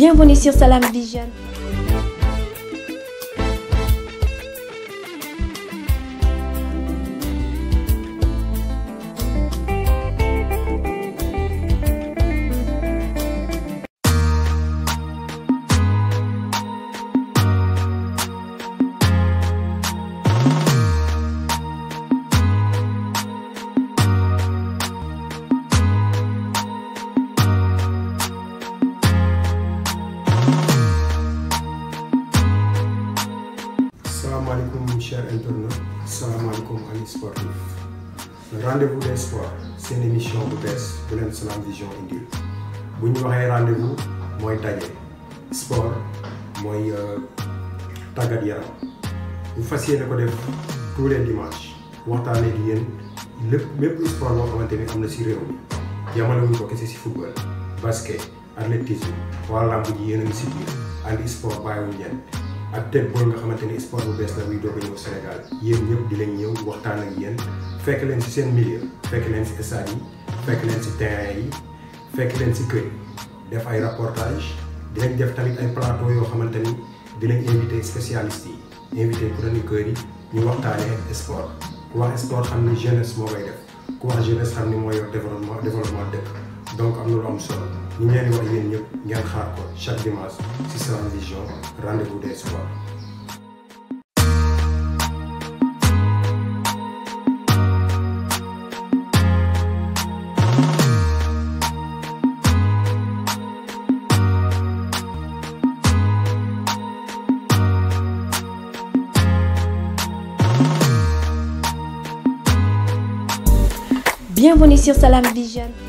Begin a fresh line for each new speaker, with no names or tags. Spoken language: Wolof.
ni Bienvenue sur di Vision.
chers internautes salaamaaleykum amis sportifs le rendez-vous des sports seen émission bu bees bu leen Salam Vision indil bu ñu waxee rendez-vous mooy daje sport mooy euh, tàggat yaram bu fas yéene ko def tous les dimanches waxtaanee di lépp lépp sport boo xamante ni am na si réew mi ko kese si football basket athlétisme wala lamb ji si biir and sport bàyyiwuñ leen ak tête booy nga xamante ni sport bu bees la buy doog a ñëw Sénégal yéen ñëpp di leen ñëw waxtaan ak yéen fekk leen ci seen milieu fekk leen ci stade yi fekk leen ci terrain yi fekk leen ci kër yi def ay reportage dinañ def tamit ay plateau yoo xamante ni dinañ invité spécialistes yi invité chroniqueurs yi ñu waxtaanee sport ku wax sport xam ni jeunesse moo koy def ku wax jeunesse xam ni mooy yor développement développement donc am na lu am solo ñu ngi leen di wax yéen ñëpp ngeen xaar ko chaque dimanche ci Salam Vision rendez-vous des soirs.
Bienvenue sur Salam Vision.